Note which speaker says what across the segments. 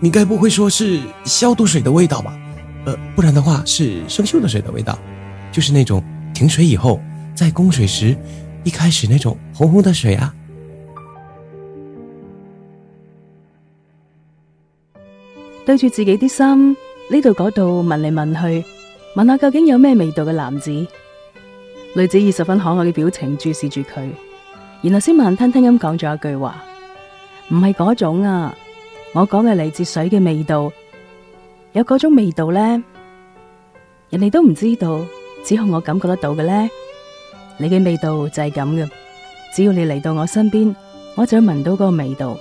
Speaker 1: 你該不會說是消毒水的味道吧？呃，不然的話是生鏽的水的味道，就是那種停水以後再供水時一開始那種紅紅的水啊。
Speaker 2: 對住自己啲心，呢度嗰度聞嚟聞去，問下究竟有咩味道嘅男子，女子以十分可愛嘅表情注視住佢，然後先慢吞吞咁講咗一句話：唔係嗰種啊。我講嘅嚟自水嘅味道，有嗰種味道咧，人哋都唔知道，只好我感覺得到嘅咧。你嘅味道就係咁嘅，只要你嚟到我身邊，我就會聞到嗰個味道。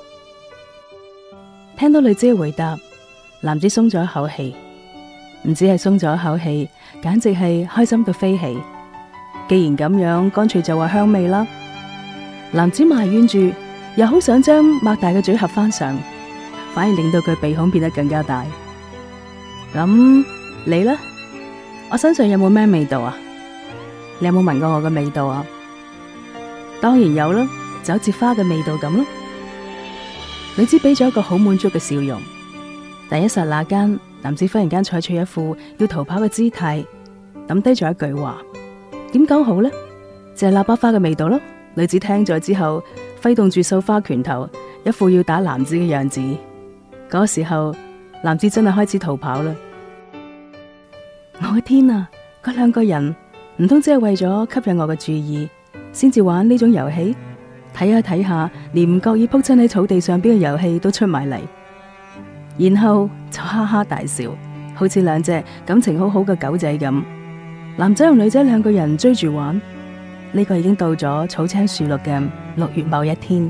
Speaker 2: 聽到女仔回答，男子鬆咗一口氣，唔止係鬆咗一口氣，簡直係開心到飛起。既然咁樣，乾脆就話香味啦。男子埋怨住，又好想將擘大嘅嘴合翻上。反而令到佢鼻孔變得更加大。咁你呢？我身上有冇咩味道啊？你有冇聞過我嘅味道啊？當然有啦，就好似花嘅味道咁咯。女子俾咗一個好滿足嘅笑容。第一剎那間，男子忽然間採取一副要逃跑嘅姿態，抌低咗一句話：點講好呢？就係喇叭花嘅味道咯。女子聽咗之後，揮動住繡花拳頭，一副要打男子嘅樣子。嗰時候，男子真係開始逃跑啦！我天啊，嗰兩個人唔通只係為咗吸引我嘅注意，先至玩呢種遊戲？睇下睇下，連唔覺意撲親喺草地上邊嘅遊戲都出埋嚟，然後就哈哈大笑，好似兩隻感情好好嘅狗仔咁。男仔同女仔兩個人追住玩，呢個已經到咗草青樹綠嘅六月某一天。